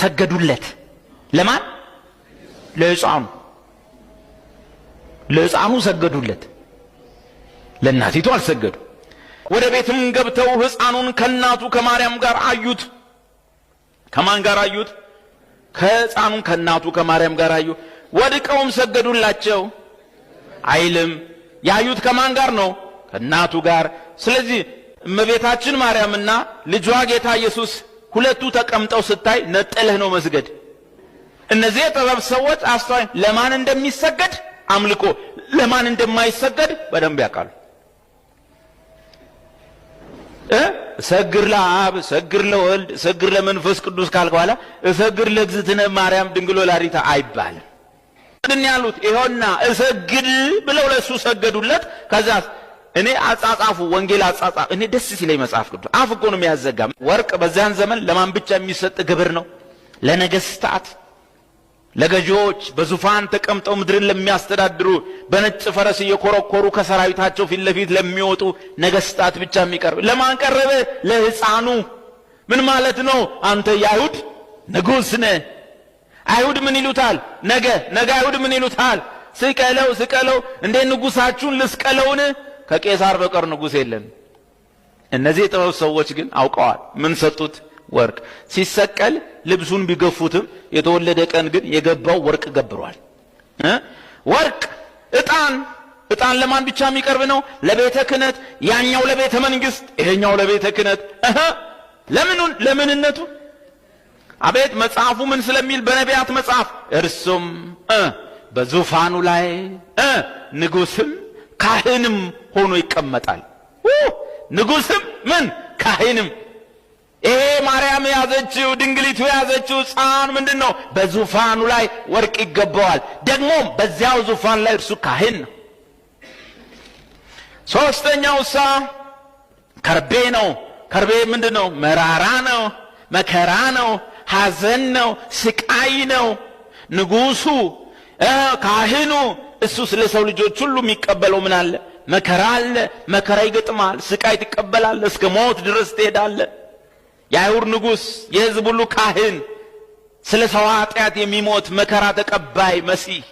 ሰገዱለት። ለማን? ለሕፃኑ ለሕፃኑ ሰገዱለት። ለእናቲቱ አልሰገዱ። ወደ ቤትም ገብተው ሕፃኑን ከእናቱ ከማርያም ጋር አዩት። ከማን ጋር አዩት? ከሕፃኑ ከእናቱ ከማርያም ጋር አዩ። ወድቀውም ሰገዱላቸው አይልም። ያዩት ከማን ጋር ነው? ከእናቱ ጋር። ስለዚህ እመቤታችን ማርያምና ልጇ ጌታ ኢየሱስ ሁለቱ ተቀምጠው ስታይ ነጠለህ ነው መስገድ። እነዚህ የጥበብ ሰዎች አስተዋይ፣ ለማን እንደሚሰገድ አምልኮ፣ ለማን እንደማይሰገድ በደንብ ያውቃሉ። እሰግር ለአብ እሰግር ለወልድ እሰግር ለመንፈስ ቅዱስ ካልክ በኋላ እሰግር ለእግዝእትነ ማርያም ድንግሎ ላሪታ አይባልም። ያሉት ይኸውና እሰግድ ብለው ለእሱ ሰገዱለት። ከዛ እኔ አጻጻፉ ወንጌል አጻጻፍ እኔ ደስ ሲለኝ መጽሐፍ ቅዱስ አፍ እኮ ነው የሚያዘጋ። ወርቅ በዚያን ዘመን ለማን ብቻ የሚሰጥ ግብር ነው? ለነገስታት፣ ለገዢዎች፣ በዙፋን ተቀምጠው ምድርን ለሚያስተዳድሩ፣ በነጭ ፈረስ እየኮረኮሩ ከሰራዊታቸው ፊት ለፊት ለሚወጡ ነገስታት ብቻ የሚቀርብ። ለማን ቀረበ? ለሕፃኑ። ምን ማለት ነው? አንተ የአይሁድ ንጉሥ ነህ። አይሁድ ምን ይሉታል? ነገ ነገ አይሁድ ምን ይሉታል? ስቀለው ስቀለው። እንዴ ንጉሳችሁን ልስቀለውን? ከቄሳር በቀር ንጉስ የለን። እነዚህ የጥበብ ሰዎች ግን አውቀዋል። ምን ሰጡት? ወርቅ። ሲሰቀል ልብሱን ቢገፉትም የተወለደ ቀን ግን የገባው ወርቅ ገብሯል። ወርቅ፣ እጣን። እጣን ለማን ብቻ የሚቀርብ ነው? ለቤተ ክህነት። ያኛው ለቤተ መንግስት፣ ይሄኛው ለቤተ ክህነት። ለምኑን ለምንነቱ አቤት መጽሐፉ ምን ስለሚል በነቢያት መጽሐፍ እርሱም በዙፋኑ ላይ ንጉስም ካህንም ሆኖ ይቀመጣል። ንጉስም ምን ካህንም። ይሄ ማርያም የያዘችው ድንግሊቱ የያዘችው ሕፃን ምንድን ነው? በዙፋኑ ላይ ወርቅ ይገባዋል። ደግሞም በዚያው ዙፋን ላይ እርሱ ካህን ነው። ሶስተኛው እሳ ከርቤ ነው። ከርቤ ምንድን ነው? መራራ ነው፣ መከራ ነው፣ ሐዘን ነው፣ ስቃይ ነው። ንጉሱ ካህኑ እሱ ስለ ሰው ልጆች ሁሉ የሚቀበለው ምን አለ መከራ አለ መከራ ይገጥማል ስቃይ ትቀበላለ እስከ ሞት ድረስ ትሄዳለ የአይሁር ንጉሥ የህዝብ ሁሉ ካህን ስለ ሰው ኃጢአት የሚሞት መከራ ተቀባይ መሲህ